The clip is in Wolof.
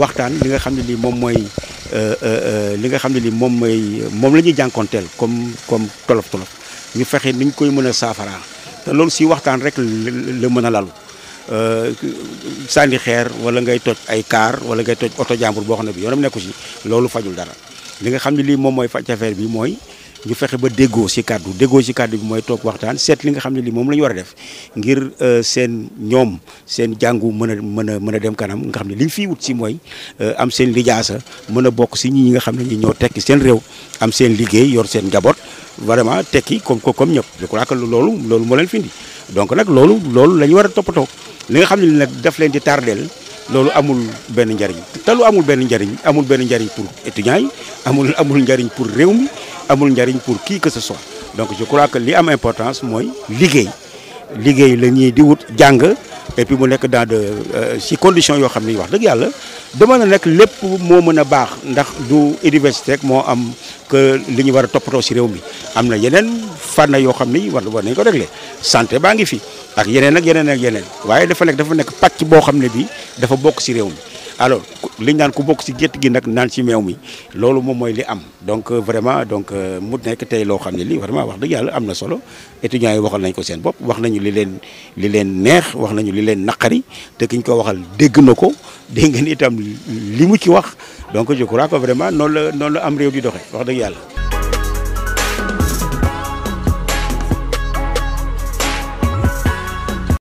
waxtaan li nga xam ne li moom mooy euh, euh, euh, li nga xam ne li moom mooy moom la ñuy jànkonteel comme comme tolof tolof ñu fexe niñ koy mën a saafaraa te loolu si waxtaan rek la mën a lalu sànni xeer wala ngay toj ay kaar wala ngay toj oto jàmbur boo xam ne bi yoonam nekku si loolu fajul dara li nga xam ne lii moom mooy faj affaire bi mooy ñu fexe ba déggoo ci kàddu déggoo ci kàddu bi mooy toog waxtaan seet li nga xam ne li moom la war a def ngir euh, seen ñoom seen jàngu mën a mën a mën a dem kanam nga xam ne li ñu wut ci mooy euh, am seen lijaasa mën a bokk ci ñi nga xam ne ñi ñoo tekki seen réew am seen liggéey yor seen njaboot vraiment tekki comme comme ñëpp je crois que loolu loolu moo leen findi donc nag loolu loolu la ñu war a toppatoo li nga xam ne li nag daf leen di tardeel loolu amul benn njariñ te amul benn njariñ amul benn njariñ pour étudiants yi amul amul njariñ pour réew mi amul njariñ pour qui que ce soit donc je crois que li am importance mooy liggéey liggéey la ñuy di wut jàng et puis mu nekk dans de si euh, conditions yoo xam ne wax dëgg yàlla dama na nekk lépp moo mën a baax ndax du université rek moo am que li ñu war a toppatoo si réew mi am na yeneen fànn yoo xam ni war war nañ ko réglé santé baa ngi fi ak yeneen ak yeneen ak yeneen waaye dafa nekk dafa nekk pàcc boo xam ne bi dafa bokk si réew mi alors liñ naan ku bokk si gétt gi nag naan si meew mi loolu moom mooy li am donc euh, vraiment donc euh, mu nekk tey loo xam ne lii vraiment wax dëgg yàlla am na solo étudiants yi waxal nañ ko seen bopp wax nañu li leen li leen neex wax nañu li leen naqari te kiñ ko waxal dégg na ko dégg ngeen itam li mu ci wax donc je crois que vraiment noonu la noonu la am réew di doxee wax dëgg yàlla.